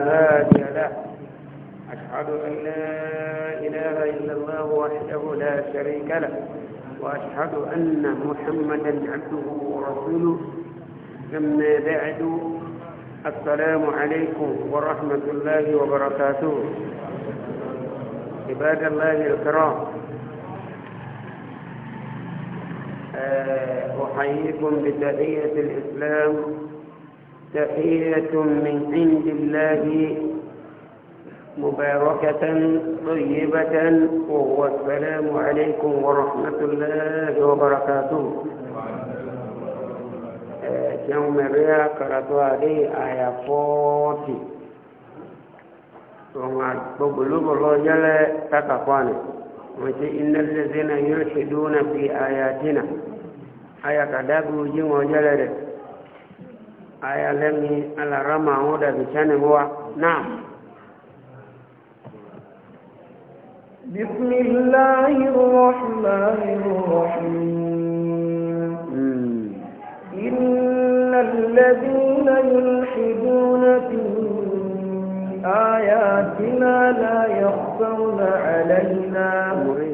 هادي له أشهد أن لا إله إلا الله وحده لا شريك له وأشهد أن محمدا عبده ورسوله ثم بعد السلام عليكم ورحمة الله وبركاته عباد الله الكرام آه، أحييكم بتحية الإسلام تحية من عند الله مباركة طيبة وهو السلام عليكم ورحمة الله وبركاته يوم الرياء قرأتوا عليه آية 40 وما بقلوب الله جل تكفانه وإن الذين يلحدون في آياتنا آية كذاب وجمع جل aya lemi ala rama oda bichane huwa naam بسم الله الرحمن الرحيم إن الذين يلحدون في آياتنا لا يخفون علينا مريد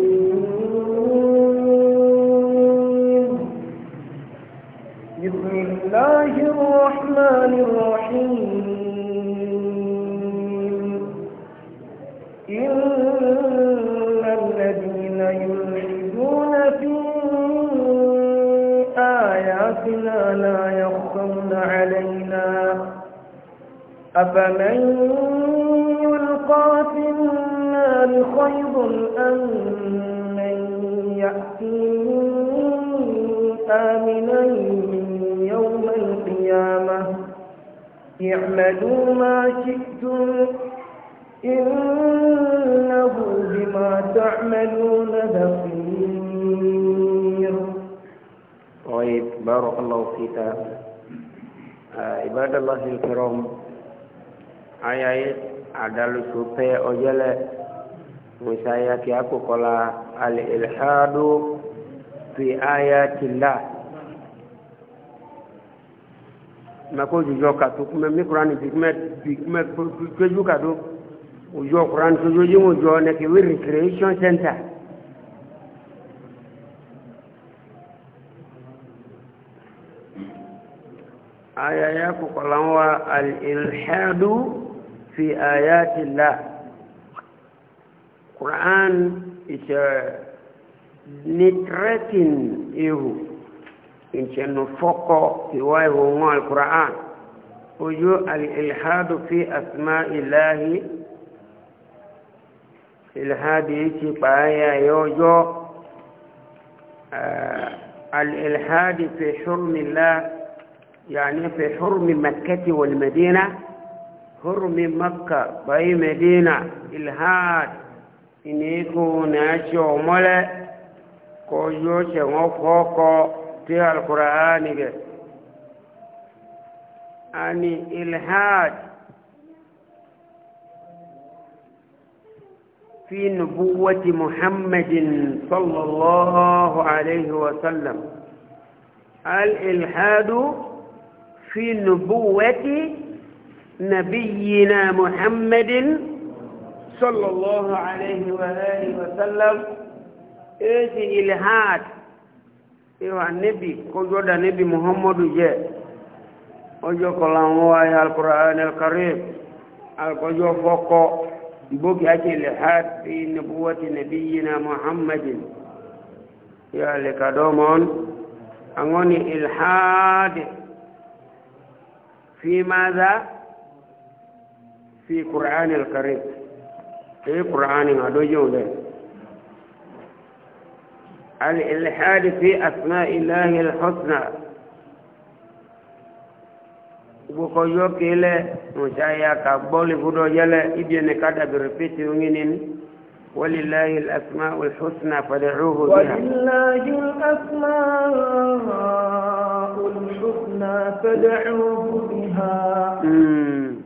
الله الكرام ayayi adalusu pɛ ɔyɛlɛ musaya kí akokɔla ali ilhadu fi ayati la mako dzɔdzɔ kato kumɛ mikurani bi kumɛ bi kumɛ tsoju kato odzɔ kurani tsoju yi mo dzɔ nɛkɛ wi recreation center. aya yako kwa lanwa al-ilhadu fi ayati Allah Quran is a nitrating ihu inchenufoko kiwai huwa al-Quran uju al-ilhadu fi asma ilahi ilhadi ichi paaya yojo uh, eh, al-ilhadi fi shurmi Allah يعني في حرم مكة والمدينة حرم مكة باي مدينة الهاد إنيكو ناشو ملا كوجوش شموفوكو في القرآن أني يعني الهاد في نبوة محمد صلى الله عليه وسلم الإلحاد في نبوة نبينا محمد صلى الله عليه وآله وسلم إيه إلهاد إيه النبي كجود النبي محمد جاء ojo kolan wa ya alquran alkarim alkojo foko iboki ake le hadi nubuwati nabiyina muhammadin ya le kadomon angoni ilhad في ماذا في قرآن الكريم في قرآن عدوجه الإلحاد في أسماء الله الحسنى bukoyo kele musaya ka boli budo yele ibiyene kada bi repeat nginin ولله الأسماء الحسنى فدعوه بها ولله الأسماء الحسنى فادعوه بها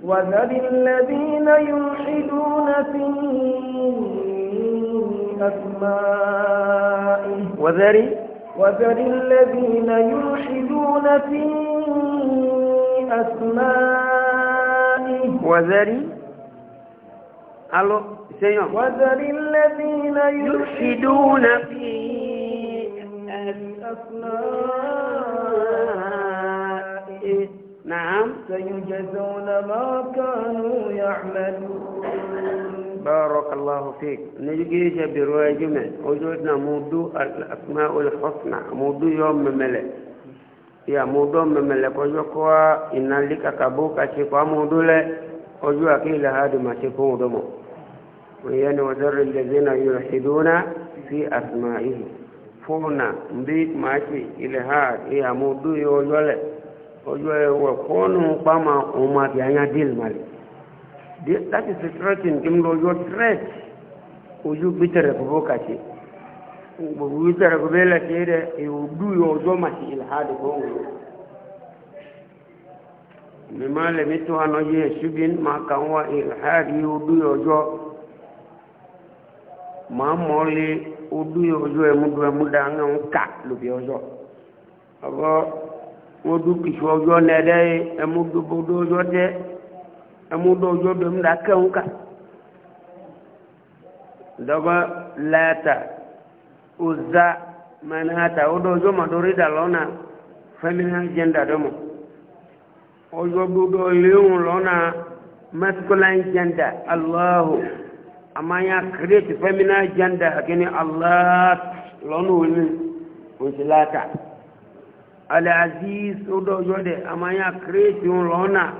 وذل الذين يلحدون في أسمائه وذري وذل الذين يلحدون في أسمائه وذري ألو سيوم وذل الذين يلحدون في أسمائه pé نعم سيجزون ما كانوا يعملون بارك الله فيك نجي جبروا جمع وجودنا موضوع الأسماء الحسنى موضوع يوم مملة يا موضوع مملة كوجوكوا إن لك كبوكا شكوا موضوع له كوجوا كيل هذا ما شكوا موضوع ويعني وذر الذين يلحدون في أسمائه فونا مبيك ماشي إلى هذا يا موضوع يوجوله ojú ẹwẹ̀ fóònù pàmà ọmọ àti àyà díl màlì that is a threatening kí n lọ yọ threat ojú bítẹ̀rẹ̀ kúbó kàṣe gbogbo bítẹ̀rẹ̀ kúbó lẹ́sẹ̀ rẹ̀ èyí dú yọ ọjọ́ màṣí ìlàhádì gbọ́n wò mímọ́ lẹ́mí tó hànà yẹ ṣubin máa kà wá ìlàhádì yóò dú yọ ọjọ́ máa mọ́lé ojú yọ ọjọ́ ẹ̀mú dùn ẹ̀mú dà ń kà lóbi ọjọ́ ọgọ́. wodu kìsù ọjọ́ nẹ ɖe emudobodo ọjọ́ dẹ emudo ọjọ́ dom ɖa keŋu ka dɔbɔ lɛɛta uza manata wodo ọjọ́ maɖori da lɔna fɛmina jɛnda dɔ mɔ ọjọ́ dodo liŋu lɔna masculine jɛnda alahu amanya create fɛmina jɛnda hakini allah lɔnu wuli o ti laata. العزيز ودو جودي أما يا كريت يولونا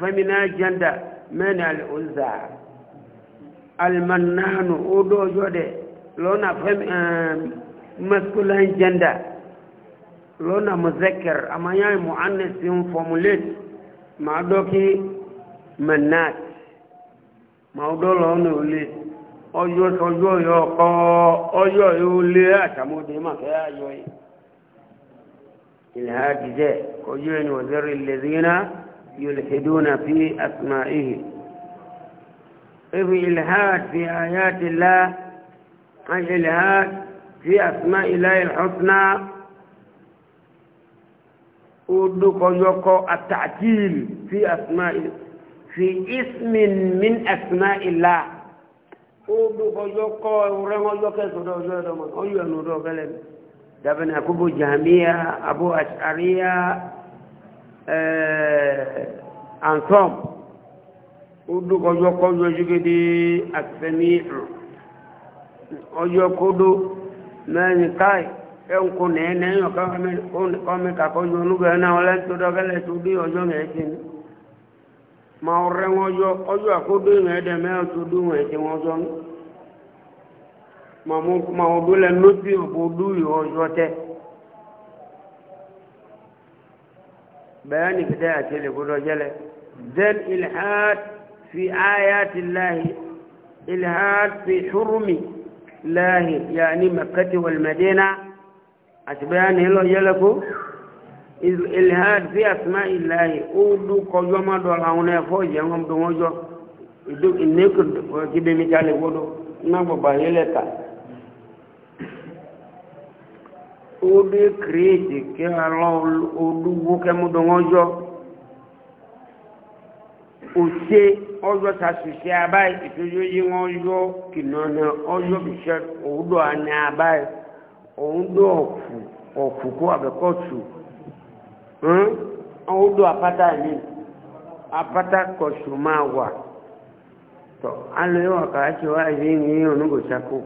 فمنا جندا من العزة المنان ودو جودي لونا فم مسكولان جندا لونا مذكر أما يا مؤنث فورموليت ما دوكي منات ما ودو لونا وليت ọjọ́ sọjọ́ yọ ọkọ̀ ọjọ́ yóò lé àtàmọ́dé máa fẹ́ ayọ́ yìí الهاجزة وجن وذر الذين يلحدون في أسمائه في إلهاد في آيات الله الإلهاد في أسماء الله الحسنى ودك يوكو التعتيل في أسماء في اسم من أسماء الله ودك يوكو ورمو يوكو سودو سودو من أيوة نودو كلمة daban akubu jamiya abu ashariya eh, ansom udu kojo kojo jigidi asami'u ojo kodo mani kai en ko ne ne yo ka me na ka gana wala to do gale to ojo ma ojo ojo de ojo ma wo do le noti o bo du yo yo te bayani kida ati le bodo jele ذل إلحاد في آيات الله إلحاد في حرم الله يعني مكة والمدينة أتبعان هلو يلكو إلحاد في أسماء الله أودو قيوما دولاونا فوجي ينغم دوموجو إدو إنيكو كبه مثالي ودو نابو باهيلتا ó dé kírèètì kí alọ́ olúwo kẹ́múdọ̀ wọn yọ òṣè ọjọ́ sàṣìṣe abáyé ìtọ́jú yí wọn yọ kìnnàna ọjọ́ bìṣẹ́ òwúdọ̀ àná abáyé òwúdọ̀ ọ̀fù ọ̀fù kó àbẹ̀kọ́tù òwúdọ̀ apáta ní apáta kọ̀ṣù máa wà tọ́ alẹ́ wà kàá ṣe wáyé ní ọ̀nùgọ̀ṣàkó.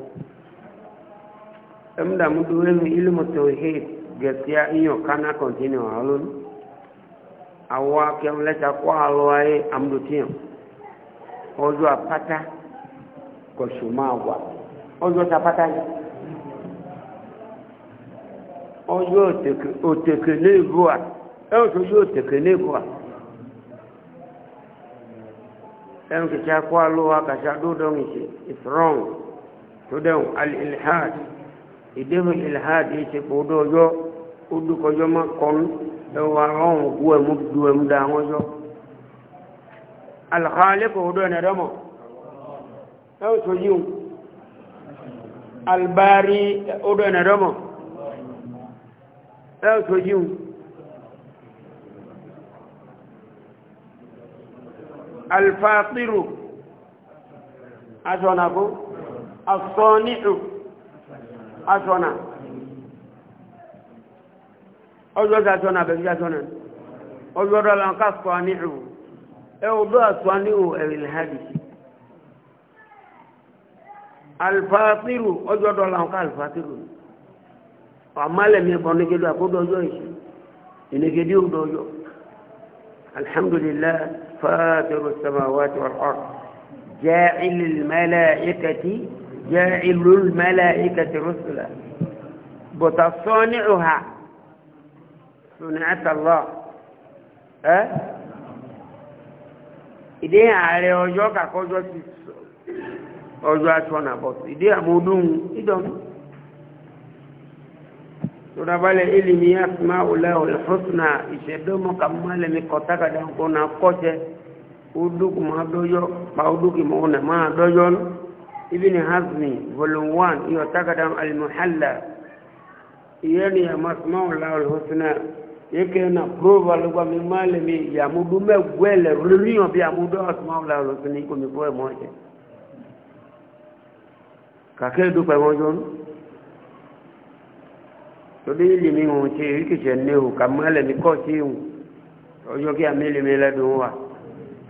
emda mtu wenu ilmu tauhid gesia iyo kana kontinu alun awa kemle cha kwa alwaye amdutia ozo apata kwa shumawa ozo tapata ozo otekelevua ozo ozo otekelevua em kicha kwa alwa it's wrong to them al ilhad ìdéhùn ìlhàdì ṣe kó dó ọjọ́ ó dúkọjọ́ má kọ́nú ẹwà ọ̀hún kú ẹ̀mú du ẹ̀mú da àwọn ọjọ́ alhàlẹ́ kò dó ẹ̀nà dọ́mọ̀ ẹ̀wọ̀n tó yíwù albari ó dó ẹ̀nà dọ́mọ̀ ẹ̀wọ̀n tó yíwù alfàtírù aṣọ́nàbó asọ́nà ọjọ́dọ̀ asọ́nà bẹ̀bí asọ́nà ọjọ́dọ̀ lọ́nkà sọ níhù ẹ ò dọ́ àsọ níhù ẹ̀rìn hadisi alifatiru ọjọ́dọ̀ lọ́nkà alifatiru ọmọlẹ̀mí ẹ̀kọ́ nígbèdú àkódọ́jọ́ yìí ìnìgbèdú ọdọ́jọ́ alhamdulillah fàtẹ̀rù sàmáwá tó rọ̀ jẹ́ ilẹ̀ mẹ́lẹ̀ ẹ̀kẹ́tì. جاعل الملائكة رسلا بتصانعها صنعة الله أه؟ إذا على وجهك أقول ọjọ́ aṣọ́nà bọ̀tù ìdí àmúdún ìdọ̀mù tó dábálẹ̀ ilimi asma ọlá olùfọ́sùnà ìṣẹ̀dọ́mọ́ kàmúmálẹ̀ mi kọ̀tàkàdà ńkọ́ na kọ́ṣẹ́ ó dúkù pa ó dúkù ma dọ́jọ́ ابن حزم فلوان يعتقد المحلى يعني مسمع الله الحسنى yake na prova lugha mimalemi ya mudume gwele rulinyo pia mudo asmaula losini iko mikoe moja kake du pa mojo to dili mi mo che iki chenne u kamale mi ko chi u ojo ke amele mele duwa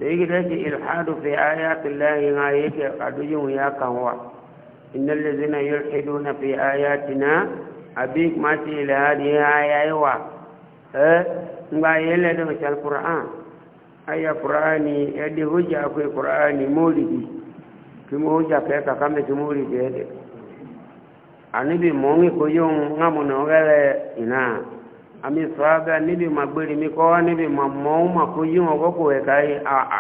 تيجي إلحاد في آيات الله ما يجي أدوجه يا كهوى إن الذين يلحدون في آياتنا أبيك ما إلى هذه آية هو ما يلد مش القرآن أي قرآن يدي هجا في قرآن مولدي كم هجا كيكا كم تمولدي هذا أنا بموني كيوم نعم نغلى إنا àmì sọ́ábà níbi ma gbèrè mi kọ́ wá níbi ma mọ́ ọ́n ma kó yí wọn kọ́kọ́ ẹ̀ káyé àà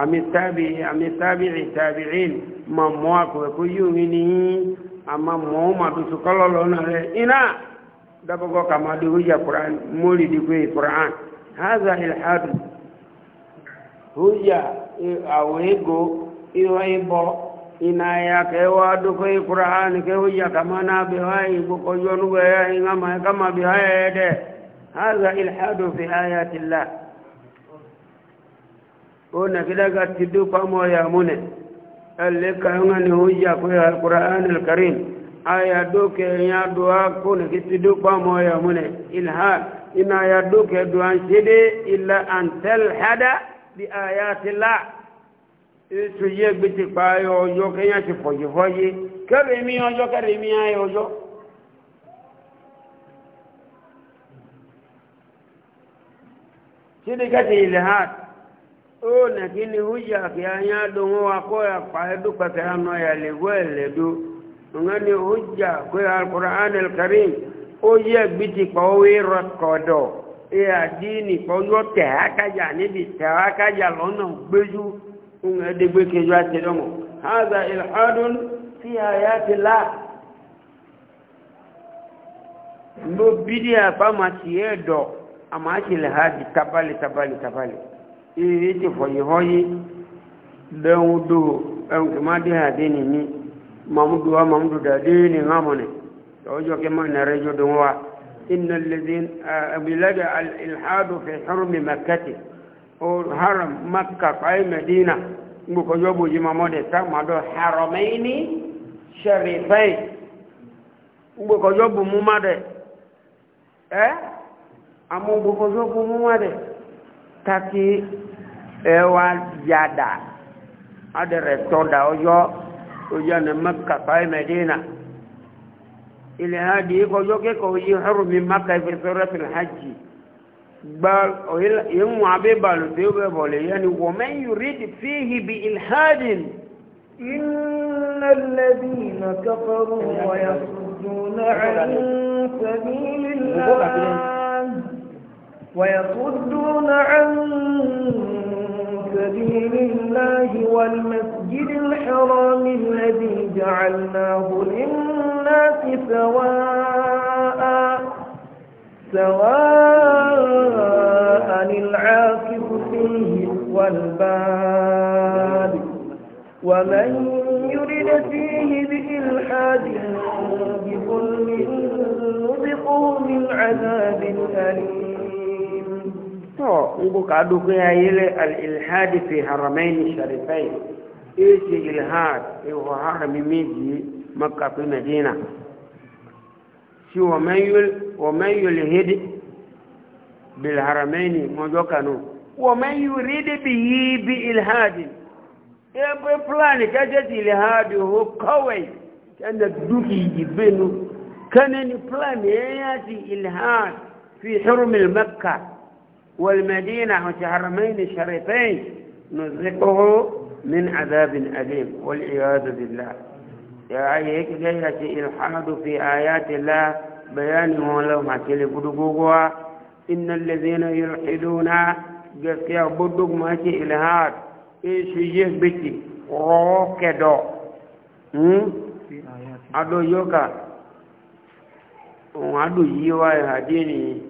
àmì tábì àmì tábì tábì rìn ma mọ́ àkọ́kọ́ kó yí òun ní àmà mọ́ ọ́n ma tutù kọ́lọ́ lọ́nà rẹ̀ iná dábọ́gọ́ kà máa dúró yà kuran mórí dìgbò kuran haza ilhadu hujja àwọn ego ìwà ìbọ̀ ina ya kẹwa dúkọ́ kuran kẹwàá kà máa náà bẹ̀ wáyé gbọ́kọ́ yọnu bẹ̀ yá ìhàmà kà máa bẹ̀ wáyé dẹ̀. هذا إلحاد في آيات الله قلنا كده قد تدوك أمو يامونه اللي كان هجا في القرآن الكريم آية دوك يا دعاء كون كتدوك أمو يامونه إلحاد إن آية دوك دعاء شدي إلا أن تلحد بآيات الله إسو يك بتقايا وجوك يا شفوجي فوجي كرمي وجو كرمي يا وجو sídìkẹ́tì ilhad ó nàkí ni hújà kí a yá dùn wá kó apá ẹdú pẹ̀kẹ́ àná yà lè wọ́ ẹ̀lẹ́dú ǹgá ni hújà kó alukur'an alkarim ó yẹ gbìtì pọ̀wé rọ̀kọ̀dọ̀ ìyá díìnì pọ̀jọ́ tẹ̀ ákájà níbi tẹ̀ ákájà lọ́nà gbéjú ǹgá ẹ̀dẹ́gbé kejì àti dọ́mọ̀ hàzà ilhadun fi àyà ti láà. ló bídí àpá màtí ẹ̀dọ̀ amaachi le ha di tabali tabali tabali iye ti fɔyi hɔyi bɛnwu do ɛn kema di ha de nini mamudu wa mamudu da de ni ŋa mɔne tɔwɔjɔ kema nɛrɛ jɔ don wa inna lezin abilada alilhadu fi hurumi makati o haram makka kɔye medina gbokɔjɔ boji mamɔ de ta ma dɔ haramɛyini sharifɛyi gbokɔjɔ bomu ma dɛ ɛ. Eh? amu bokozo kumua de taki ewa yada ada retonda ojo ojo ne makka kai medina ile hadi ko joke ko yi hurmi makka fi surat al hajj bal yin wa be balu de be bole yani wa man yurid fihi bi ilhadin إن الذين كفروا ويصدون عن سبيل الله ويصدون عن سبيل الله والمسجد الحرام الذي جعلناه للناس سواء سواء العاكف فيه والباد ومن يرد فيه بإلحاد بظلم نذقه من عذاب أليم to ngo ka du ko yele al e ilhad ايش الهاد هو حرم ميجي مكة في مدينة شو ومن يلهد بالحرمين موجوكانو ومن يريد به بإلهاد يبقى بلاني كجت إلهاد هو قوي كان دوكي يبينو كان بلاني يأتي إلهاد في حرم المكة والمدينة والحرمين الشريفين نذقه من عذاب أليم والعياذ بالله يا أيك جهة الحمد في آيات الله بيانه لو ما تلبدقوا إن الذين يلحدون جسيا بدق ما إلهاد إيش يجيب بتي روكدو أدو يوكا وعدو يوا يهديني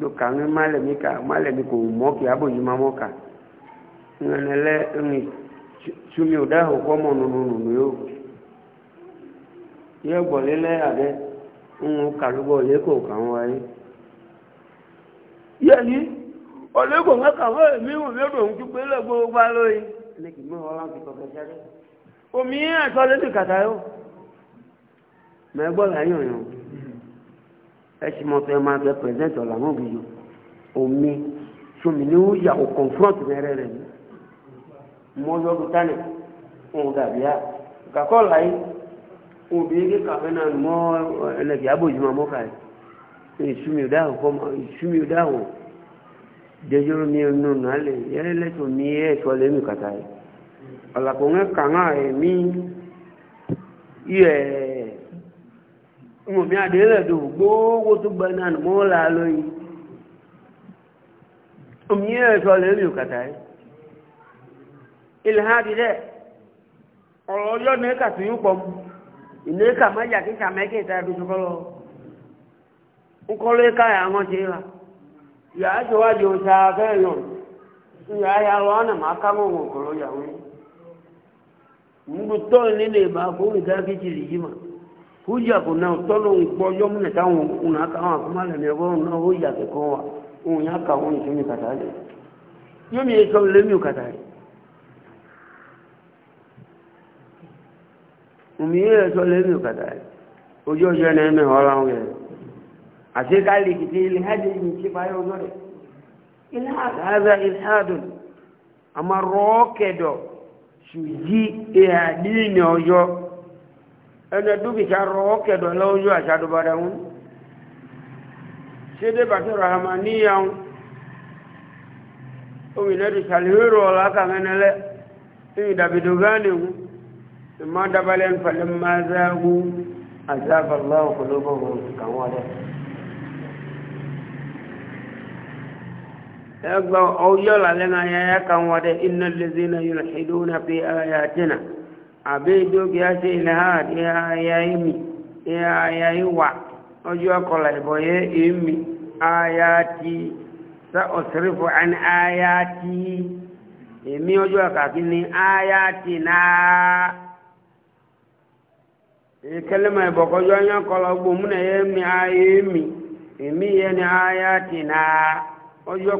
duka ka malami ko mɔ kì abo yi ma ka ŋmɛnɛ lɛ ŋi sumi o da o kɔ mɔ nununu yio yɛ gbɔli lɛ aɖe ŋu ko wa yi ni o ka mi wo mi do ŋutu pe lɛ gbogbo alo yi ne kì mi hɔlan ti kɔkɛ sɛ dɛ omi yɛ atɔ lɛ ti la ẹsì mọ fẹ máa fẹ pẹrẹsẹtì ọlàmọ bi yo omi sọmi ni ó yà ó kọnfrọnt mẹrẹ rẹ mi mọ yọdún tani òun dàbí a kàkọ́ láyé obìnrin kí kàfẹ́ náà mọ ẹlẹ́kì abòjúmọ́ mọ́ kàyé ìsúmi ò dáhùn kọ́ ìsúmi ò dáhùn jẹjọrọ mi nù nálẹ̀ yẹlẹ́lẹ́tọ̀ mi yẹ ẹ̀ṣọ́ lẹ́nu kàtà yìí ọ̀làkùnrin kàn án ẹ̀mí yẹ ẹ̀ẹ́. wọn mi àdéhùn tó gbogbo tó gbẹ́nà mọ́ là lóyìn omi ẹ̀ẹ́sọ́ lè rí òkàtà yìí ilẹ̀ ha ti dẹ́ ọ̀rọ̀ ọjọ́ nẹ́ẹ̀kà tó yún pọ̀ mú ìnẹ́ẹ̀kà má yà kíkà mẹ́kì ìta ẹ̀dùn tó ní lè bá fún ìdá hujja ko na tolo ngbo yo mun ta un ha ah, kuma na hujja ụnụ ko wa un ya ka un shi mi ka ta le yo mi ko so le mi na eme le ojo je ne me ho ra un ye ase ka li ki ti li ene dubi charo ke do lo yo acha do bara un sede ba ke rahmaniya un o mi le salhiro la ka ngenele ti dabidu gani un ma dabalen falam ma zagu azab allah qulubuhum kawada ẹgbọ́n ọyọ́ làlẹ́ náà yẹ́ kan wọ́n dẹ́ iná lè zina yìí lè ṣe dúró náà fi ayé àtẹ́nà àbẹ́ẹ̀dọ́ bí a ṣe ilẹ̀ ha ìhà àyà ìmì ìhà àyà ìwà ọjọ́ ọkọ̀lá ìbọ̀yẹ́ ìmì àyà ti sá ọ̀sẹ̀rẹ̀fù ayati. àyà ti èmi ọjọ́ àkàkí ni àyà ti náà ìkẹlẹ́mà ìbọ̀kọ́jọ́ ọyọ́ ọkọ̀lá gbòmúnà ẹ̀mí àyà emi. èmi yẹ ni àyà ti náà ọjọ́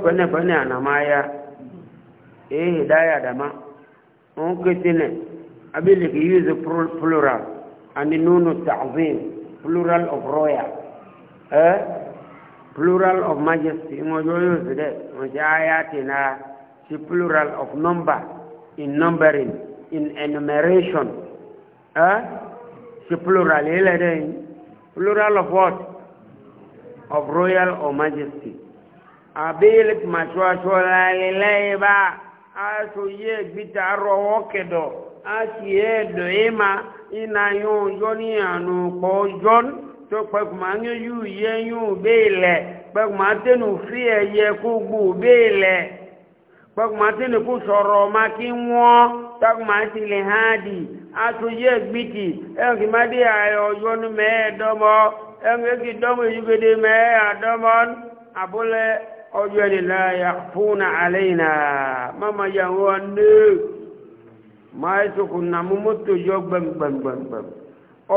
abilik use plural and nunu ta'zim plural of royal eh plural of majesty mo jo use de mo jayatina si plural of number in numbering in enumeration eh si plural ele de plural of what of royal or majesty abilik machwa chola ile ba aso ye gbita ro okedo asi ɛdɔ e yi ma ina yɔ yɔni anu kpɔ yɔn tó kpɛkuma ŋa yu yɛ be bee lɛ kpɛkuma tɛnu fi ɛyɛ e kó gbó bee lɛ kpɛkuma tɛnu kó sɔrɔ ma kí ŋɔ takuma ti le hã di ye yɛ gbiti ɛnki e ma di ayɔ yɔni mɛ dɔmɔ ɛnki dɔmɔ ni la mama máa tó kò nà mú mọ́tò yọ gbẹmgbẹmgbẹm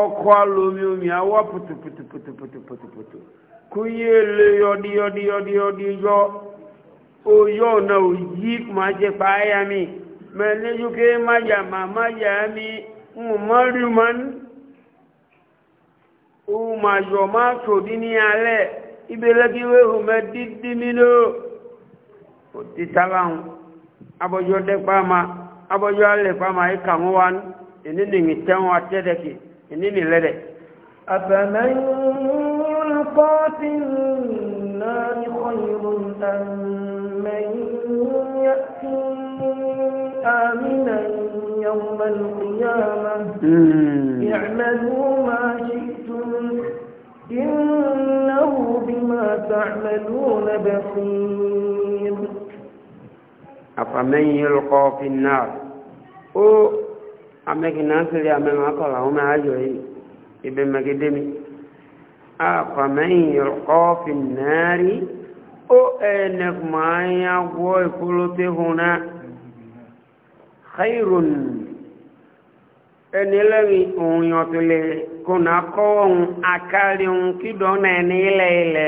ọkọ̀ alomi omi awọ́ pùtùpùtùpùtùpùtùpùtù kú yé lé yọdí yọdí yọdí yọdí yọ oyọ ọ̀nà òyí máa jẹ pààyà mi mẹ́lẹ́jú ké máyà má máyà mi ń mọ́ rí mọ́ ní òun máa yọ máa tòdí ní alẹ́ ibelẹ́kí wéhù mẹ́ dídí mi ló òtítàláhùn abọ́jọ́ dẹ́pá máa abọ́jú alẹ́ fama yìí kà wọ́n wá ní nìyí tẹ́wọ́n atẹ́dẹ́kì ní nìyí lẹ́dẹ̀. أفمن يلقى في النار خير أم من يأتي آمنا يوم القيامة اعملوا ما شئتم إنه بما تعملون بصير afaman yulqa fi an-nar o amegina sele amenu akola o ma ayo yi ibe magedemi afaman yulqa fi an-nar o ene maya wo ikulote huna khairun ene lewi on yotule kuna ko on akari on kidona ene ile ile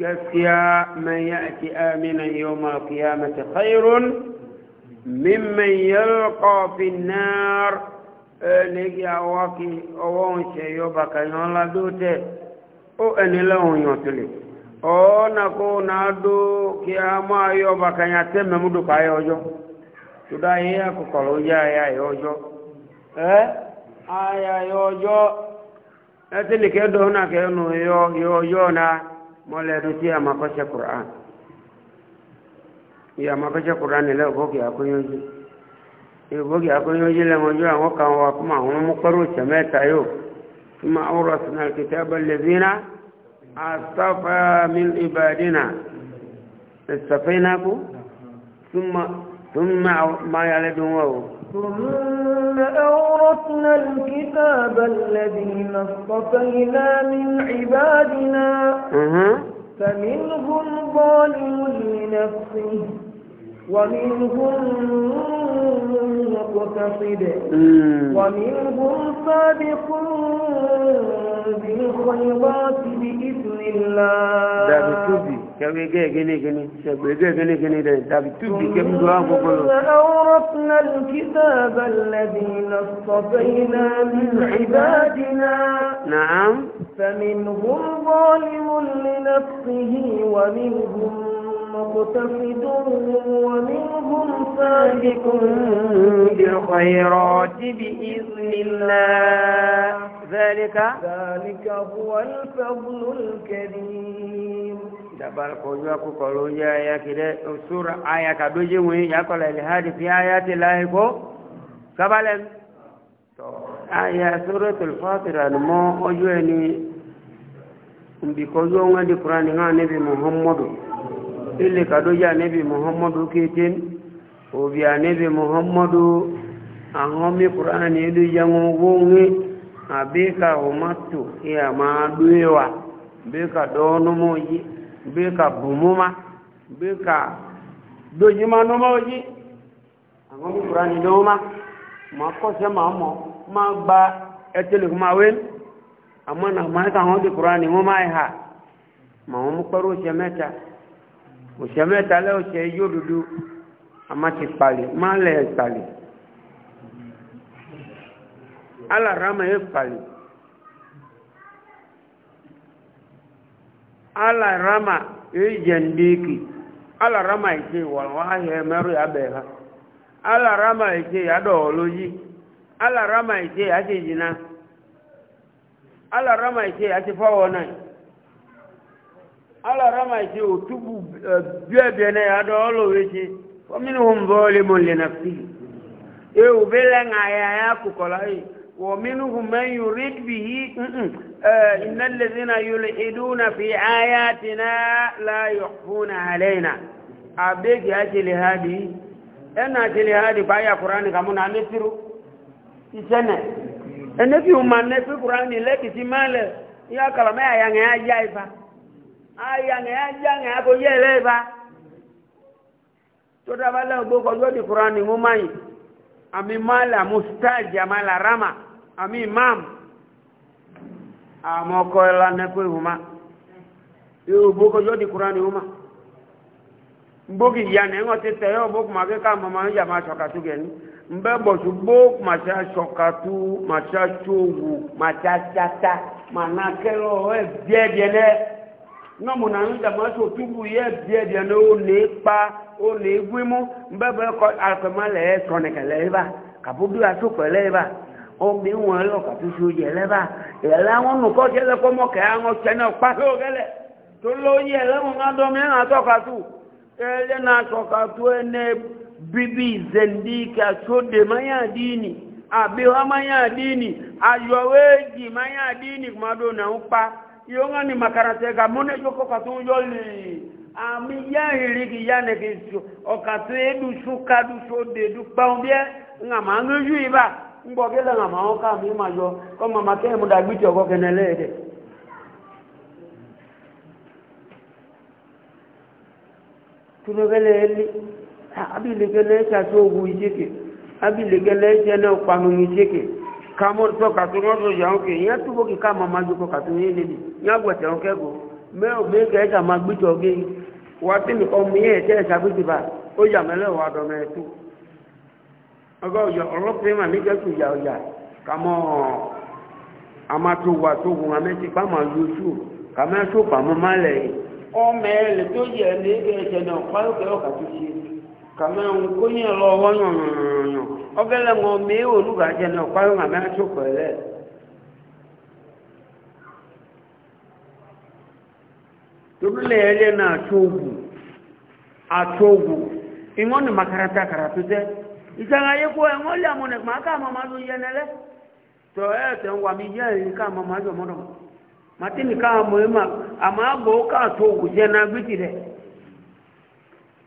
gaskiya man ya'ti aminan yawma qiyamati khairun mimman yalqa fi an-nar nigi awaki owon se yo bakayon la dote o enile on yo tele o na ko na do ki ama yo bakanya teme mudu pa yojo tuda ye akokoro ya ya yojo eh aya yojo etini ke do na ke nu yo yojo na mọ́lẹ́nu tí a máa kọ́ṣẹ́ quran ìyá máa kọ́ṣẹ́ quran nílẹ̀ ògbógi akóyójú ìgbógi akóyójú lẹ́mọ̀jú àwọn kan wà fún àwọn mọ́kọ́rù ìṣẹ̀mẹ́ta yóò fún ma ọ̀rọ̀ sinal kìtẹ́ bẹ́lẹ̀ zina astafa min ibadina ìsàfẹ́ náà kú tún ma yàlẹ́ dùn wọ́n o. ثم أورثنا الكتاب الذي اصطفينا من عبادنا فمنهم ظالم لنفسه ومنهم مقتصد ومنهم سابق بالخيرات بإذن الله ده كوي جاي جاي كم دعاء أورثنا الكتاب الذي اصطفينا من عبادنا نعم فمنهم ظالم لنفسه ومنهم مقتصد ومنهم سابق بالخيرات بإذن الله ذلك ذلك هو الفضل الكريم تبارك وجهك قالوا يا يا كده سورة آية كدوجي وين يا قال الهادي في آيات الله كو كبالن آية سورة الفاطر المو أجوني بكوزون دي قرآن النبي محمد ile kadoja nebi muhammadu ketin obia nebi muhammadu ahomi qur'ani ilu yangu wongi abika umatu ya maadwewa bika donu moji bika bumuma bika dojima no moji ahomi qur'ani doma makose mamo magba etele kuma wen amana maika hodi qur'ani mo mai ha ma mu paro che meta òṣè mẹ́ta lẹ́ òṣè yóò dúdú a má ti palẹ̀ má lẹ̀ palẹ̀ alàrámà yóò palẹ̀ alàrámà yóò jẹ̀ndéèkì alàrámà ìṣe ìwọ̀nwá ayẹ mẹ́rù yàbẹ̀ ha alàrámà ìṣe yàdọ̀ lóyí alàrámà ìṣe yàṣẹ̀ jìnnà alàrámà ìṣe yàṣẹ̀ fọ́wọ́ náà alọ́rọ́mà ṣe òtúbù bíẹ̀bẹ̀ẹ́nẹ́ àdọ́ ọlọ́wẹ́ṣe fọ́mínú bọ́ọ̀lẹ́mọ̀ lẹ́nà fi ewu bẹ́lẹ̀ àyàyà kòkọ̀lá yìí wọ́mínú mẹ́yìn rídbì yìí ìnálẹ́sìnà yóò ìdúnà fi áyàtìná láyọ̀ fún àlẹ́yìnà àbẹ́gì àṣẹlẹ̀ hádì ẹ̀nà àṣẹlẹ̀ hádì báyà kùránì kàmúnà amẹ́sìrú ìṣẹ́nẹ̀ ẹ̀nẹ́fì aya ŋa ya ja ŋa ya ko yɛ lɛ ba tó tota daba lɛ o gbó di kura ni mo ma yi ami ma la mustaji ama la rama ami imam amɔ kɔ la ne ma yɛ o gbó di kura ni mo ma gbógi ya ne ŋɔ ti tɛ yɛ o gbó kuma kí ká mama yà má sɔ katu gɛ ni n bɔsu gbó ma ti a tso wu ma ti a tsa ta ɛ biɛ biɛ lɛ. nga mu na nga ma to tubu ye bie bie na o ne pa o ne gwi mu mba lee ko akoma le so ne kele ba ka bu du lee pele ba o mi won lo ka tu so je le ba e la ka an o na pa lo gele to lo ye le won nga na to ka na to ene bibi zendi ka so de ma ya dini abi wa ma ya dini ayo weji ma ya dini ma do na pa yonga ni makarate ga mone joko katu yoli ami ya hiriki ya ne ke o katu edu suka du so de du paunbie nga mangu yui ba ngbo ke la ma o ka mi ma yo ko mama ke mu da gbiti oko kenele de tuno gele eli abi le gele cha so wu ijeke abi le gele cha na pa mu ijeke kamor to katungo to yanke ya tubo ki kama maju ko katunye ni nyagwa te onke go me o be ke ka magbito ge wa ti mi o mi e te sa gbiti o ya mele wa do tu ogo yo oro pe ma mi je tu ya o ya kamo ama tu wa tu gun ame ti pa ma yusu kama so pa mo o me le to ye ni ke o ke o ka kàmẹ́ ń kó yẹn lọ ọwọ́ yànyànyàn ọgẹ́lẹ́ mọ mẹ́ẹ́ olùgbàjẹ́ náà pàrọ̀ àmì àtúkọ̀ ẹ̀lẹ́ tòbílẹ̀ ẹ̀lẹ́ náà àtúgù àtúgù ìwọ́n ni makarata karatu tẹ́ ìsàlàyé kó ẹ̀ wọ́n lé àmọ́nà máa ká àmọ́ máa ló yẹn lẹ́ tọ́ ẹ̀ tẹ̀ ń wà mí yẹ́ ẹ̀yìn ká àmọ́ máa jọ mọ́dọ̀ màtí nìkan àmọ́ ẹ̀ máa àmọ́ àgbọ̀ ká àtúgù jẹ́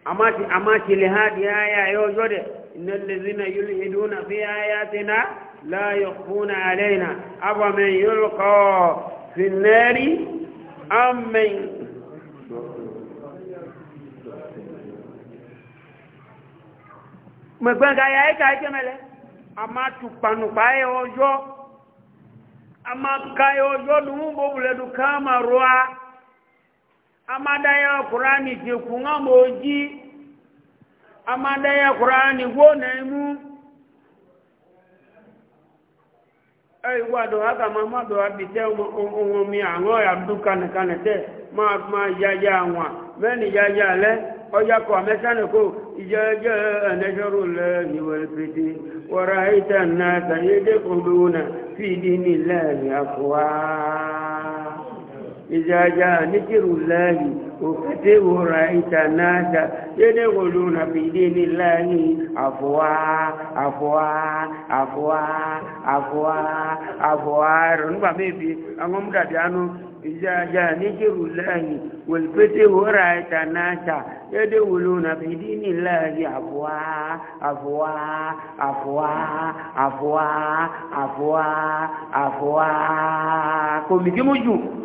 amati amati le hadi aya yo jode innal ladhina yulhiduna fi ayatina la yakhfuna alaina awa man yulqa fi an-nari am man mgbanga ya e ka kemele amatu panu pae ojo amaka yo yo dumu bo kama roa amadaya kurani ti kunga moji amadaya kurani wona imu ai wado haka mama do abite ohun mi àwọn ya duka ne kan te ma ma jaja àwọn meni jaja le oya ko mesan ko ijaja anashuru lahi wal fiti wa ra'aita an-nasa yadkhuluna fi dinillahi afwaa إذا جاء ذكر الله وكتب رأيت الناس يدخلون في دين الله أفواه أفواه أفواه أفواه أفواه رنبا بيبي أمام داديانو إذا جاء ذكر الله والفتح رأيت الناس يدخلون في دين الله أفواه أفواه أفواه أفواه أفواه أفواه كم يجمعون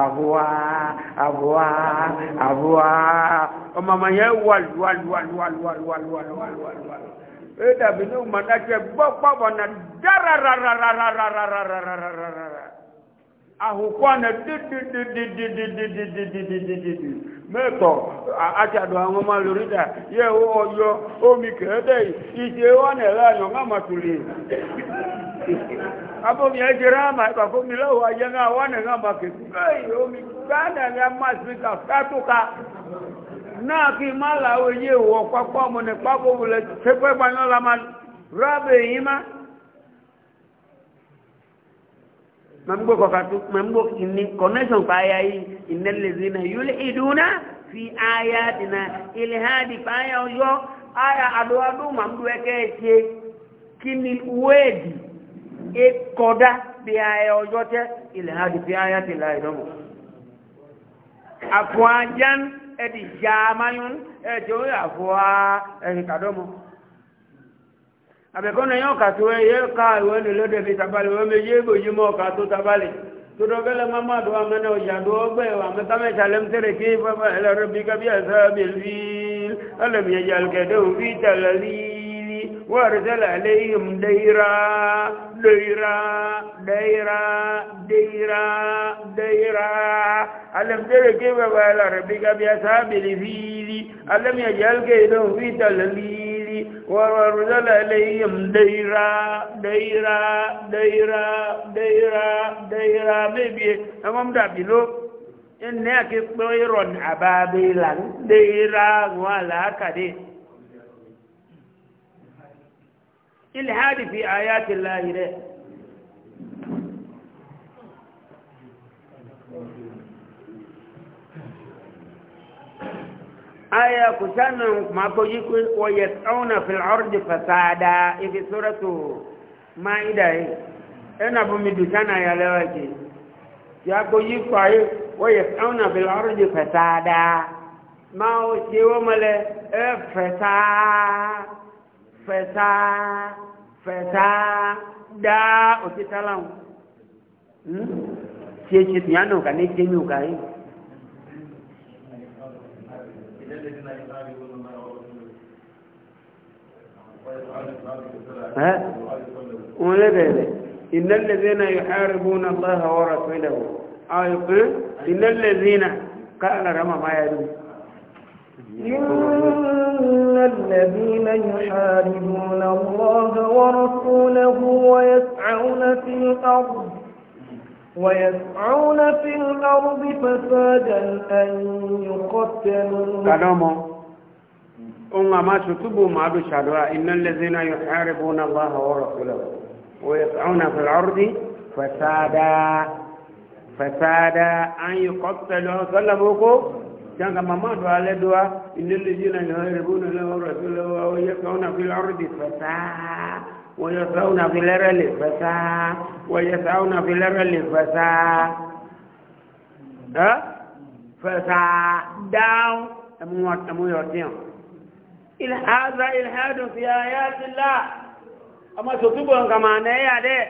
àbúwá àbúwá àbúwá ọmọọmọ yẹn wà lùwà lùwà lùwà lùwà lùwà lùwà lùwà lùwà lùwà ẹ dàbí ní ọmọ náà jẹ gbọ́ pàbọ̀ náà dára rárá rárá rárá rárá rárá rárá àhùkọ́ náà dídídídídídídídídídídídídí mẹ́tọ̀ àtàdọ̀ àwọn ọmọ lóríta yẹ ọyọ omi kẹ́ẹ́dẹ̀ yìí ìṣe wọn ẹ̀rọ àyọ̀ má má hapo miajerama kakomila wajanga wana ngamba kesikoyomi kana ya masika katuka na kimala wenye wo kwa kwa mone kwa bule sepe bwana la man rabe ima mambo kwa katu mambo ni connection kwa aya hii innal yule iduna fi ayatina ilhadi kwa aya hiyo aya adu adu mambo yake kini uwedi ekɔda bi ayɛ ɔjɔ tɛ ilẹ̀ hadi bi ayɛ ti la ìdɔbò àpò ajan ɛdi jaamayun ɛdi o yà fò á ɛdi kàdɔmɔ àbẹ̀kọ́nà yóò kàtó ẹyẹ ká ìwé nílò dẹ̀bi tabali wọ́n méjì ègbò yìí mọ̀ kàtó tabali todogele mamadu amene ojado ogbe ametameta lemtere ki fafa ele rabbi kabi asabil fil alam yajal kedehu fi talalil وارسل عليهم ديرا ديرا ديرا ديرا ديرا ألم تر كيف فعل ربك بأصحاب الفيل ألم يجعل كيدهم في تلبيل وارسل عليهم ديرا ديرا ديرا ديرا ديرا بيبي أمام دابلو إنك طير أبابيلا ديرا ولا كدي ilhadi fi ayati llahi rẹ aya kusana makoji wa yas'una fil ardi fasada ifi suratu maida hii ena bumidusana ya lewa ki yakoji kwa hii wa yas'una fil ardi fasada mao siwo male e fasa fasa fẹ̀sáà dá òtítà láwọn hmm? tí èṣe tìyànà ọ̀gá ní jẹ́mi ọ̀gá yìí wọ́n lè bẹ̀rẹ̀ ìnẹ́lẹ̀zínà yóò hárìbó na lọ́hàwọ́rọ̀ sílẹ̀ wọ́n àwọn ìpín ìnẹ́lẹ̀zínà káàlà rama máa yà dùn إن الذين يحاربون الله ورسوله ويسعون في الأرض ويسعون في الأرض فسادا أن يقتلوا كلامه ما تتبوا ما بشهدوا إن الذين يحاربون الله ورسوله ويسعون في الأرض فسادا فسادا أن يقتلوا سلموكم changa mamado aledwa inili jina inaerebuna leo rasula wa yakauna fil ardi fasaa ويسعون في الأرل فساء ويسعون في الأرل فساء ها فساء داو أموات أمواتهم هذا إلحاد في آيات الله أما تتبعهم كما نهي عليه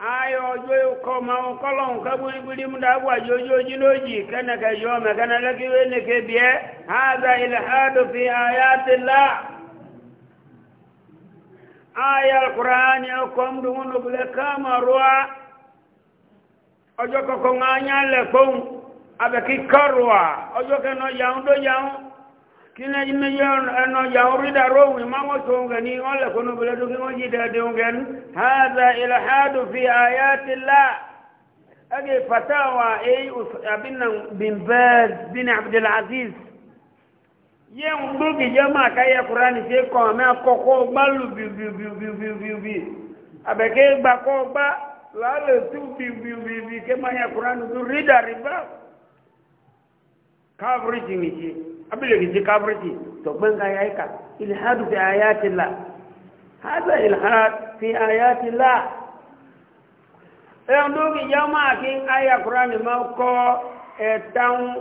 ayo ojo ko ma o kolon ka bu ibidi mu da wa jojo jiloji kana ka yo ma kana la ki we ne ke biye hada ilhadu fi ayati llah aya alquran ya ko mu dun no bule kama ruwa ojo ko ko nganya le ko abeki karwa ojo ke no yaun do kine na ye eno ya urida rowi mamo tunga ni ole kono bele dugi ngoji da dungen hadha ilhadu fi ayati llah age fatawa e abinna bin baz bin abd al aziz ye mbugi jama kaya qurani se ko me koko balu bi bi bi bi bi bi bi abeke ko gba tu bi bi bi bi qurani du rida riba coverage ni abin da ke kafirci to banga ya yi ka ilhadu fi ayatin la hada ilhad fi ayatin la ɗan doki jama'a kin aya kurani ma ko tan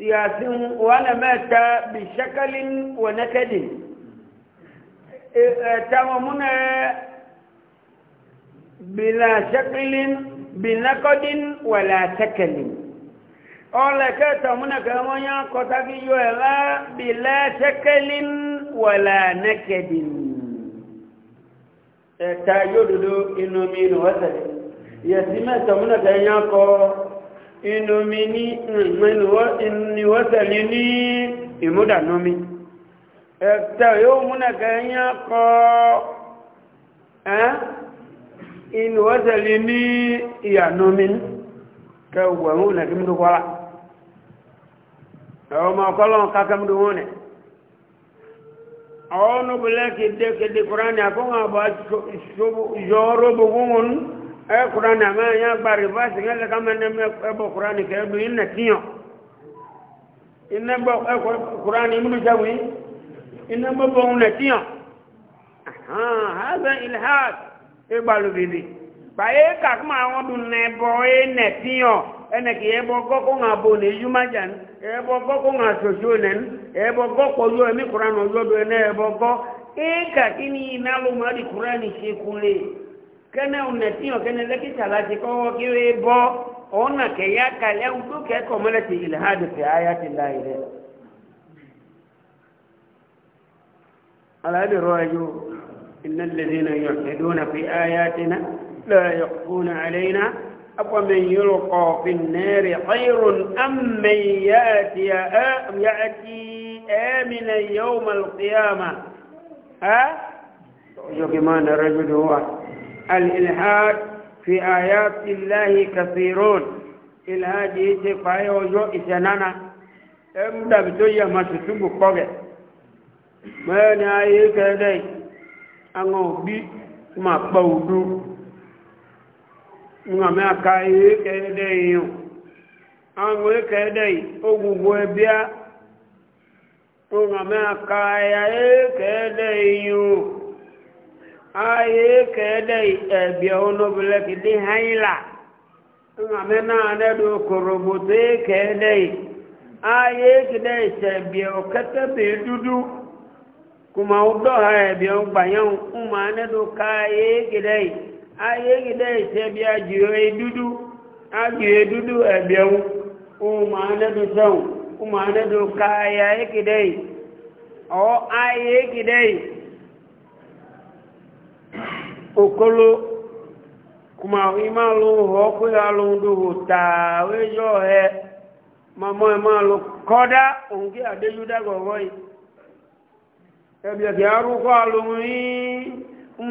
yasin wani mata bi shakalin wa nakadin tama muna bila shakalin bi nakadin wala shakalin ọlẹ́kẹ́ tọ̀múnẹ̀kẹ́ wọ́n yá kọta kí yóò ẹ̀ lábì lẹ́tẹ́kẹ́lì wọ̀là nẹ́kẹ̀dì ẹ̀ta yóò dúdú inú mi nù wọ́sẹ̀ yẹ̀sí mẹ́tọ̀múnẹ̀kẹ́ yá kọ inú mi ní ìwọ́sẹ̀ ní ní ìmúdànú mi ẹ̀ta yóò múnẹ̀kẹ́ yá kọ inú wọ́sẹ̀ ní ìyànú mi kẹwàá òun nàkí mú tó kọ́lá ọmọ ọkọlọ́n kákẹ́mdù wọn ni ọ̀nà bẹ̀lẹ̀ kéde kéde kúránì àkóhàn àbọ̀ yọ̀ọ́rọ̀ gbogbo wọn ẹ kúránì àmọ́ ẹ̀yà gba rìvásì ń ẹlẹ́ka mẹ́rin ẹbọ̀ kúránì kẹ́ẹ̀dù iná tíyàn iná bọ̀ ẹkọ̀ kúránì múlù jáwé iná bọ̀ bọ̀ ń tíyàn hàn ilhad ẹgbàlùbìbì pàyẹ́ kàkúmọ̀ àwọn dùn nẹ̀ bọ̀ ẹ̀ nẹ̀ tíyàn ene ki ebo goko nga bo ne yuma jan ebo goko nga sojo nen ebo goko yo mi qur'an yo do ne ebo go e ka kini na lo ma di qur'an se kule kana unati o kana laki sala ti ko ki ebo ona ke ya ka le u do ke ko mala ti ilhad fi ayati allah ile ala bi royo إن الذين يلحدون في آياتنا لا يخفون علينا أفمن يلقى في النار خير أم من يأتي أم يأتي آمنا يوم القيامة ها يقمان الرجل هو الإلحاد في آيات الله كثيرون إلحاد يتفاي وجو إسنانا أم دبتوية ما تتبو قوة ما نعيك لدي أنه بي ما بودو ngame aka iwe ka ede yo aŋɔ yi ka ede yi o gbogbo ngame aka ya ye ka ede yo aye ka ede yi ebia wo nobile kede hanyi la ngame na ne do korobote ka ede yi ebie kede yi sɛ ebia o kete be kuma wo ha ebia wo gbanya wo ma ne ka aye kede yi. ayé gidẹ ìṣẹ́bí ajìyọ edúdú ajìyọ edúdú ẹ̀bẹ̀wò ohun ma nẹ́dù sẹ́wọ̀n ohun ma nẹ́dù ka ayé gidẹ ọ̀ ayé gidẹ okolo kuma ima lo hɔ kó ya lo taa lo ònkè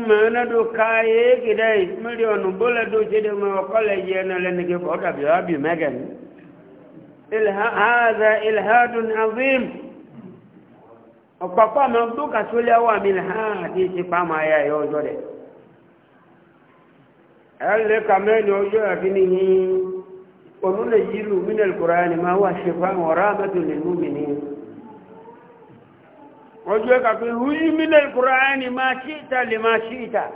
mẹ́rin tó ká yé kìdá mílíọ̀nù bólẹ̀ tó ṣe dé mọ́ ọkọ́lẹ̀ yẹ ẹnu lẹ́nu kí kọ́ dàbí ọ́bì mẹ́gẹ̀ni ilhaza ilhadun azim ọ̀pọ̀pọ̀ àmọ́ tó kà sólé wà mí ilhadi ti pa máa yá ẹ̀yọ́ ọjọ́ rẹ̀ ẹ̀lẹ́ kàmẹ́ni ọjọ́ àfihàn òun lè yí lù mí nàìjíríà ni máa wà ṣe fáwọn ọ̀rá mẹ́tò lè mú mi nìyí wajue kapi huyu mina alqur'ani ma shita lima shita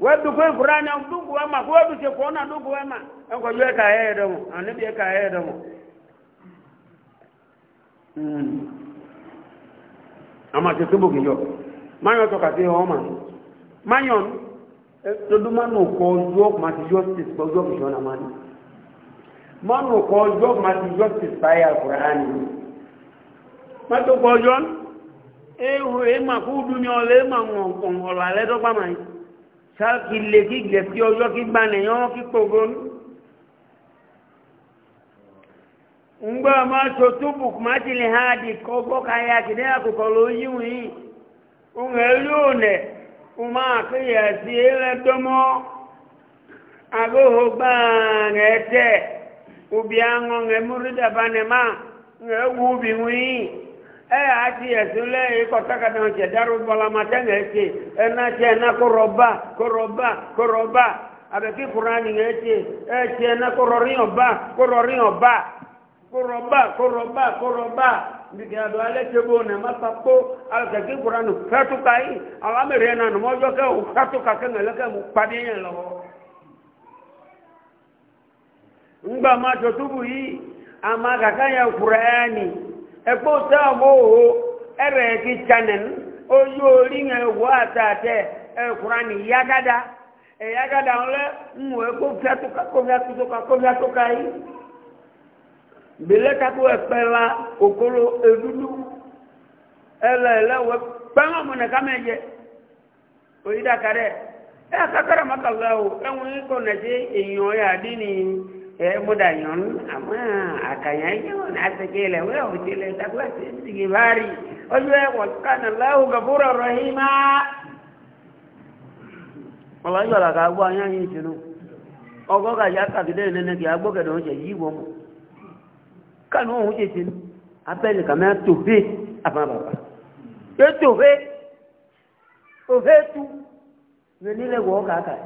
webu kwa qur'ani ndugu wema webu se kuona ndugu wema kwa jue ka yeye domo anabi ka yeye domo mm ama kitumbo kijo manyo to kati homa manyo eh, toduma no ko jo ma justice ko jo kishona mani manu ko jo ma justice by alqur'ani ma to ko jo ehu ema kó dumi ọlọ ema ọlọ alẹ dọgba ma yi sa kì le kì gbẹ kí ọjọ kì gba nìyọ kì kpogo nu ma ha di ka ya kì ní akókò yi yí wù yí ńgbà ẹlú ònẹ kuma kì yà si ma bi ɛyà ati ɛsùn lɛ ikɔtakata ɔtsɛ daro bɔlama tɛŋɛ ɛtsɛ ɛna tsɛ ɛna kɔrɔba kɔrɔba kɔrɔba abɛki kurani ɛtsɛ ɛtsɛ ɛna kɔrɔriɔba kɔrɔriɔba kɔrɔba kɔrɔba kɔrɔba ndidi ado alɛ tse bo nɛ ma pa kpo abɛki kurani fɛtu kayi alamiri ɛna numɔdzɔ kɛ o fɛtu kakɛ ŋɛ lɛ kɛ mo kpadi yɛ lɔ ŋgbama tɔtubu yi ama kaka yɛ kurani. ẹ̀kpọ́ tá a mọ̀ wò ẹ̀rẹ̀ kí chanin ó yí orí yẹn wò àtàtẹ̀ ẹ̀kúra ní yágádá ẹ̀yágádá ńlẹ̀ ń wò ẹ̀kọ́ fíatuka kó fíatuka kó fíatuka yìí bìlẹ̀ kakó ẹ̀kpẹ́ la òkolo èdúdú e ẹ̀lẹ̀ e ẹ̀lẹ́wọ̀ pẹ́ńlọ́ mọ̀ nìkan mẹ́ jẹ òyìdá o ẹ̀wọ̀n yìí nàìjíríà èèyàn yà dín Eh, muda yon ama akanya yon atekele wewe utile takuwa sigibari ojwe eh, wakana Allahu ghafurur rahima wala yala ka gbo anya yin tinu ogo ka ya ka gide nene ki agbo ke don se yiwo mu kanu ohun se tinu abele ka ma to be aba baba e to be o he tu venile wo ka ka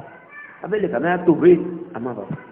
abele ka ma to be ama baba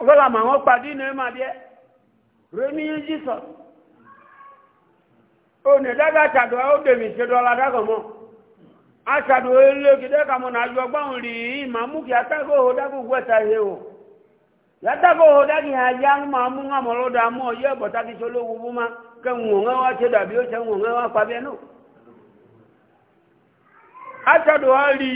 ọgọ́la ma wọ́n padì ní ẹ̀mà díẹ̀ rẹ́míyí jísọ̀ ó ní dága ṣàdọ̀ ó dèmí ṣẹdọ̀ aládàgọ̀ mọ́ aṣàdọ̀ ilé kìdẹ́ kàmọ́ náà yọ gbọ́n rí ìmàmú kí atágò ó dágò gbẹ́ta ihe o yàtàgò ó dágì ayá máa mú hàn mọ́lọ́dọ̀ amọ́ yẹ bọ̀tá kí ṣe olówó bú má kẹ́hùn òun wá ṣe dàbí ó ṣe hùn òun wá pàbẹ́ náà aṣàdọ̀ ó rí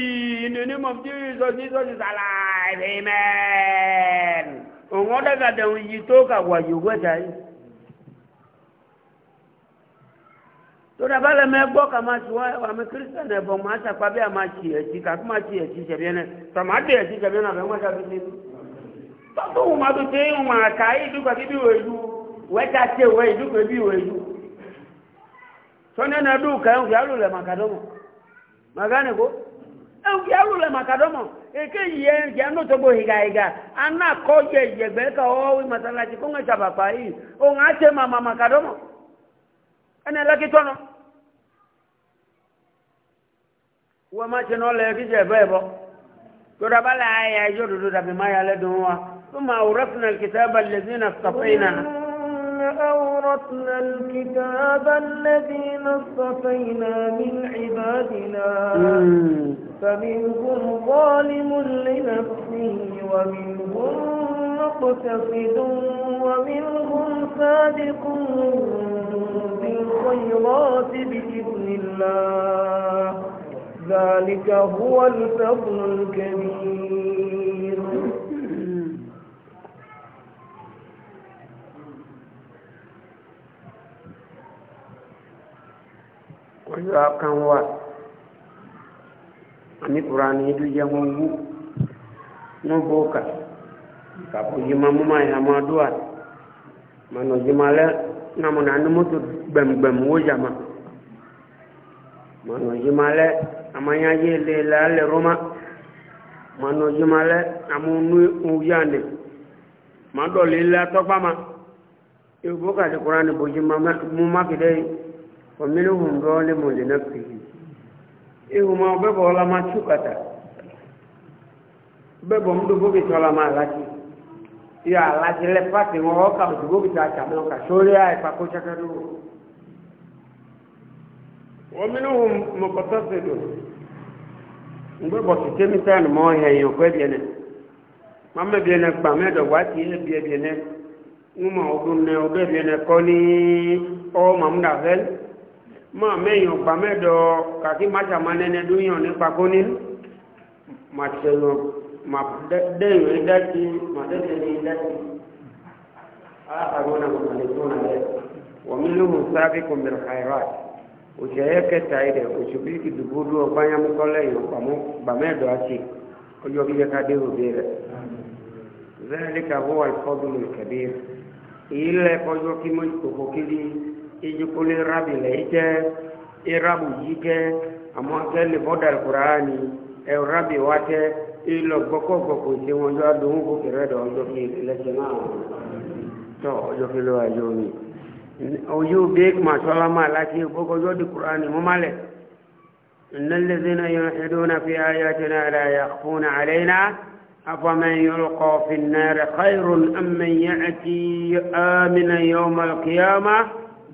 in the name of jesus jesus is alive amen òun ọ̀dàgàdà òun yìí tó kà wà yòówó ẹ̀dá yìí. torí abalẹ̀ mẹ́ gbọ́ kà máa ti wá àmì kírísítẹ̀nì ẹ̀bọ̀n máa sàpá bí a máa ti ẹ̀jì kà kó máa ti ẹ̀jì sẹ̀bi ẹ̀nẹ́ tàmá dé ẹ̀jì sẹ̀bi ẹ̀nẹ́ àbẹ̀ wẹ́ta fi ṣe. tọ́tù wọn máa fi ṣe ń wọn àká ìdúkọ̀ bíbí wò ìlú wẹ́ta ṣe wẹ́ ìdúkọ̀ bíbí wò ìlú. sọ́nẹ́nà dùn kẹ́ ń fi àlù lẹ̀ màkàdọ́mọ̀ eke yẹ yanu togbo higa higa ana kọ yẹ yẹgbẹ ka ọwọ wi masalasi ko ŋa sabapa yi o ŋa se ma mama ka dọ mọ ẹnẹ lẹ kitọ nọ wọ ma se nọ lẹ kisẹ bẹ bọ yorùbá la yà yọ dodo dàbí ma yà lẹ dùn wa tó ma awurafuna kitaaba lẹbi na أورثنا الكتاب الذين اصطفينا من عبادنا فمنهم ظالم لنفسه ومنهم مقتصد ومنهم صادق بالخيرات بإذن الله ذلك هو الفضل الكبير وإذا كان واحد ani kurani idu jamu wu nuboka kapo jima muma ya madua mano jima le namu na anu mutu bem bem wo jama mano jima le amanya ye le la le roma mano jima le amu nu uyande mado le la tokpama iboka de kurani bojima muma kidai wa minhum zalimun li nafsihi ihuma bebo wala machukata bebo mdu bogi chola malaki ya laji le pati ngoka mdu bogi ta chamelo ka shori ai pa kocha kadu wa minhum muqtasidun ngbo kitemi tan mo he yo kwe biene mamme biene pa me do wati ile bie biene nguma odunne obe biene koni o mamda hel ma mẹ́yàn pa mẹ́dọ̀ kàkí máṣàmá nẹ́nẹ́ dúnyàn nípa kóní ma ṣẹ̀yàn ma dẹ́yàn ìdájí ma dẹ́yàn ìdájí alákàgbọ́nà mọ̀kànlẹ̀ tó nà lẹ́ wọ̀mí lóhùn sáfì kòmìnir hairat òṣèré kẹta ilẹ̀ òṣùbí ìdìbòdú ọgbányámúkọ́lẹ̀ yàn pàmọ́ bàmẹ́dọ̀ àti ọjọ́ kíkẹ́ ká dé òbí rẹ̀ zẹ́ẹ̀lì kàwọ́ àìfọ́dún kẹ̀bí ilẹ̀ kọjọ́ kí mọ́ ìkòkò kiri ijikuli rabi le ite irabu jike àmọ́ akẹ́ lè bọ́dà kùránì ẹ̀rọ rabi wa tẹ́ ilọ gbọ́kọ̀gbọ̀kọ̀ tí wọ́n yọ adùn kò kẹrẹ́ dọ̀ ọjọ́ fi lẹ́sẹ̀ náà tọ́ ọjọ́ fi lọ́wọ́ àjọ mi ojú bí màṣọ́lá máa láti gbọ́kọ̀jọ́ di kùránì mọ́ málẹ̀ ìnálẹ́sẹ̀nà ìdúnà يلقى في النار خير أم من يأتي آمنا يوم القيامة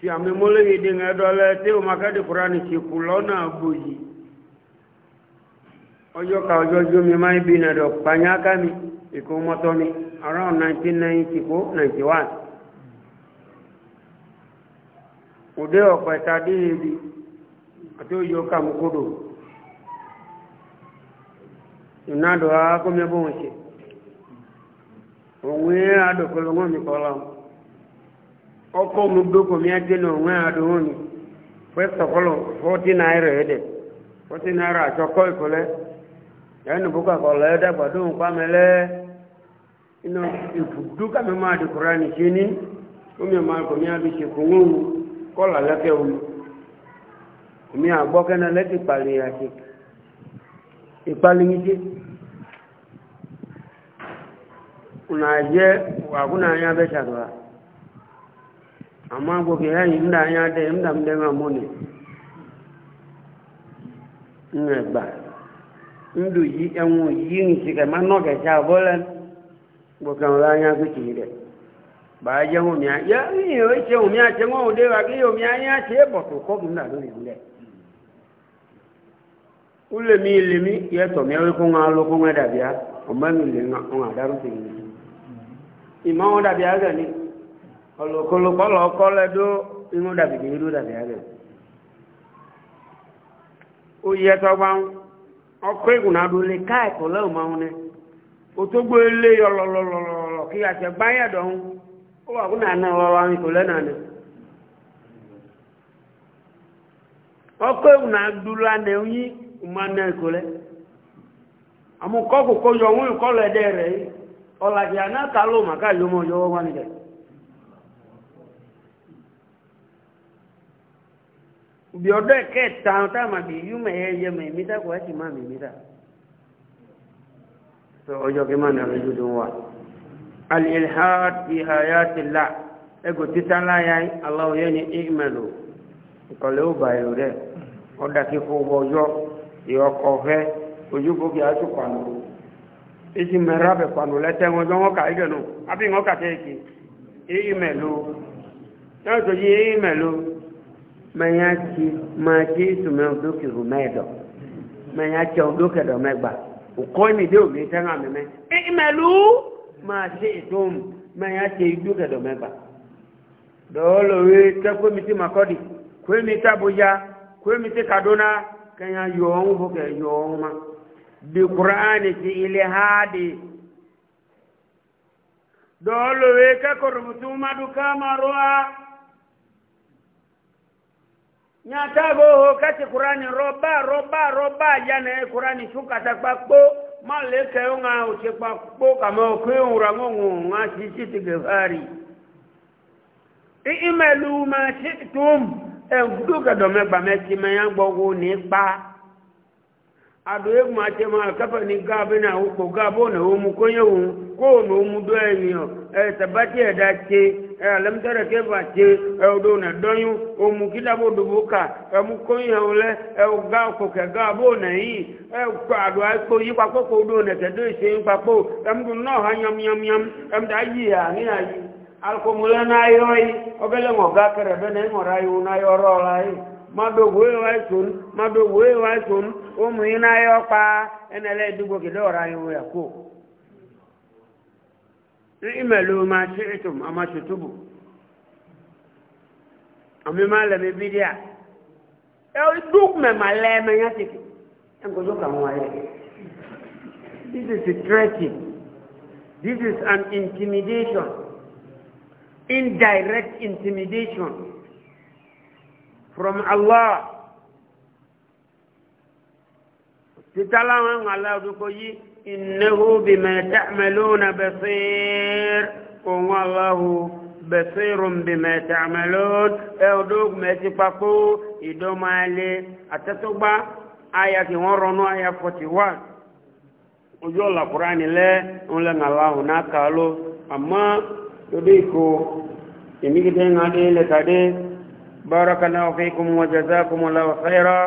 tí àmì mọ́lẹ́ yìí dín ẹ̀dọ́lẹ́ tí o máa kẹ́dì kúránì kì kù lọ́nà àgbòyí ọjọ́ ka ọjọ́ jó mi máa ń bí nàdọ̀ pàyáká mi ìkó mọ́tọ́ mi around 1990 kó 91 òde ọ̀pọ̀ ẹ̀ta déédéé àti òjò kàmúkódò ìnádọ̀ akómẹ́bọ̀n ṣe òun yẹn adọ̀kọlọ́wọ́n mi kọ́ lọ́wọ́ ọkọ mu doko mi adi na onwe adowo ni first of all forty naira ede forty naira atsɔkɔ ìkɔlɛ yẹnu boko akɔlɔ yɛ dagba do nkpa mɛ lɛ inu ifudu kame ma adi kura ni tieni omi ma ko mi adi tse ko ŋo kɔla lɛ omi agbɔ kɛ na lɛ ti kpali ati ìkpali ni tse una yɛ wa kuna amma gobe ya yi inda ya da inda mu dama mu ne ne ba ndu yi enwu yi ni ti ka ma no ke cha bolan bo kan la nya ku ti de ba je hu mia ya ni o che hu mia che ngo de wa ki yo mia ya che bo to ko mi na do ni le ule mi le mi ye to mi o ko nga lo ko nga da bia o mi le nga o nga da ru ti ni ni ọlọkọlọ kọlọ kọlẹ do inú dàbí ní irú dàbí ayé o yẹ tọgbà ń ọkọ ìgùn náà do ká ẹkọ máa o tó gbé lé yọlọlọlọlọ kí gbáyà ó wà nàánà ọkọ yọ yìí àná biodo ọdọ ẹkẹ ta ma àmà bí yú mẹ ẹyẹ mẹ mí dàgbà ẹ sì má mi mí dà sọ ọjọ kí má la. Ego wa ya ti àyà ti là ẹgò o láyà aláwọ yẹn ní ìmẹlò ìkọlẹ ọjọ ìyọkọ fẹ ojúbókè àtúpànù esi mẹra bẹ pànù lẹtẹ manyachi maji tumeondoke rumedo manyachi ondoke domegba ukoni deo mitanga meme imelu e, e maji tum manyachi ondoke domegba dolo we tafu miti makodi kwemi tabuja kwemi te kaduna kanya yoongo boke yooma di qur'ani ti ile hadi dolo we ka kormutuma dukama ruwa nyatago ho kati kurani roba roba roba jana e kurani shuka takpa kpo maleke yo nga uche pa kpo kama okwe urango nga sisi tigefari i imelu ma shitum e duka dome ba meti me yang bogo ni adu e ma te ma kafa ni gabe na uko gabo na umukonyo góòlù omudo ènìyàn ẹ tàbátì ẹ̀dá tse ẹ alẹ́mítẹ́rẹ̀ kẹfà tse ẹ odò nà dọ́yún omu kídàbò dòbò kà ẹ mú kóyìn ẹ̀wò lẹ ẹ gá kòkè gá bó nà yìí ẹ kọ àdó àkpò yí kpakpó kò odò nà kẹdó ìṣe yín kpakpó ẹmúdò náà hàn yamyamyam ẹmúdò ayé yà ní ayé alùpùpùlẹ̀ náà yọ yìí ọbẹ̀lẹ̀ wọn gá kẹrẹ bẹ́ẹ̀ náà ìmọ̀ra yìí náà yọ ọ̀rọ̀ ọ̀la yìí madogo ewa esun madogo ewa esun i'malu ma shi'tum ama tutubu ami ma le me bidia e duk me ma le me ya tiki en ko joka mo aye this is a threat this is an intimidation indirect intimidation from Allah titala wa ngala du ko yi إنه بما تعملون بصير والله بصير بما تعملون أودوك ما تفقوا إدوم علي أتتوبة آية ورنو آية 41 ojú ọ̀la kúránì lẹ́ ń lẹ́ ńlá ọ̀hún náà kà á ló àmọ́ lórí ìkó èmi gidi ń lẹ́kàdé bárakà náà fi kún wọn jẹ́sà kún wọn lọ́wọ́ fẹ́ràn.